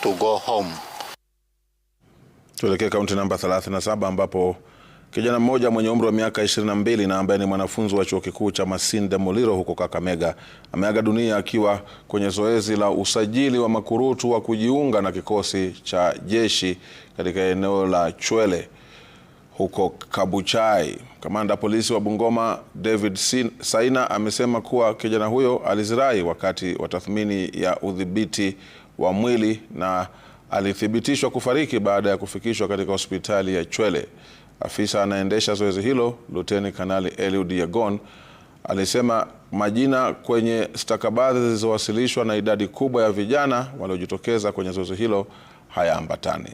to go home. Tuelekee kaunti namba 37 ambapo kijana mmoja mwenye umri wa miaka 22 na ambaye ni mwanafunzi wa chuo kikuu cha Masinde Muliro huko Kakamega ameaga dunia akiwa kwenye zoezi la usajili wa makurutu wa kujiunga na kikosi cha jeshi katika eneo la Chwele huko Kabuchai. Kamanda polisi wa Bungoma David Saina amesema kuwa kijana huyo alizirai wakati wa tathmini ya udhibiti wa mwili na alithibitishwa kufariki baada ya kufikishwa katika hospitali ya Chwele. Afisa anaendesha zoezi hilo Luteni Kanali Eliud yegon alisema majina kwenye stakabadhi zilizowasilishwa na idadi kubwa ya vijana waliojitokeza kwenye zoezi hilo hayaambatani.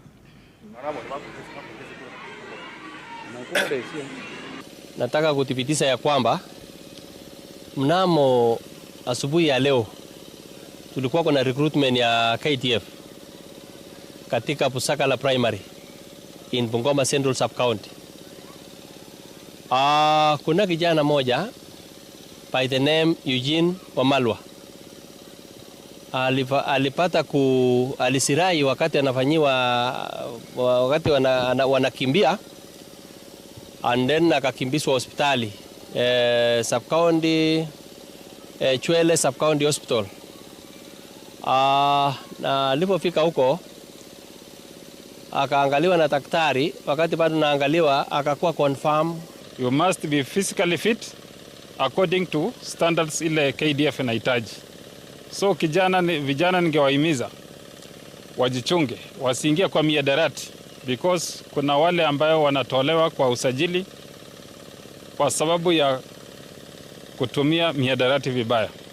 Nataka kuthibitisha ya kwamba mnamo asubuhi ya leo tulikuwa na recruitment ya ktf katika la Primary in Bungoma Central Sub County. Uh, kuna kijana moja by the name Eugene Wamalwa Alipa, alipata ku alisirai wakati anafanyiwa wakati wana, wanakimbia and then akakimbiswa hospitali eh, sub county eh, Chwele sub county hospital Aa, ah, na nilipofika huko akaangaliwa na daktari. Wakati bado naangaliwa, akakuwa confirm you must be physically fit according to standards ile KDF inahitaji. So kijana, vijana ningewahimiza wajichunge, wasiingie kwa miadarati because kuna wale ambayo wanatolewa kwa usajili kwa sababu ya kutumia miadarati vibaya.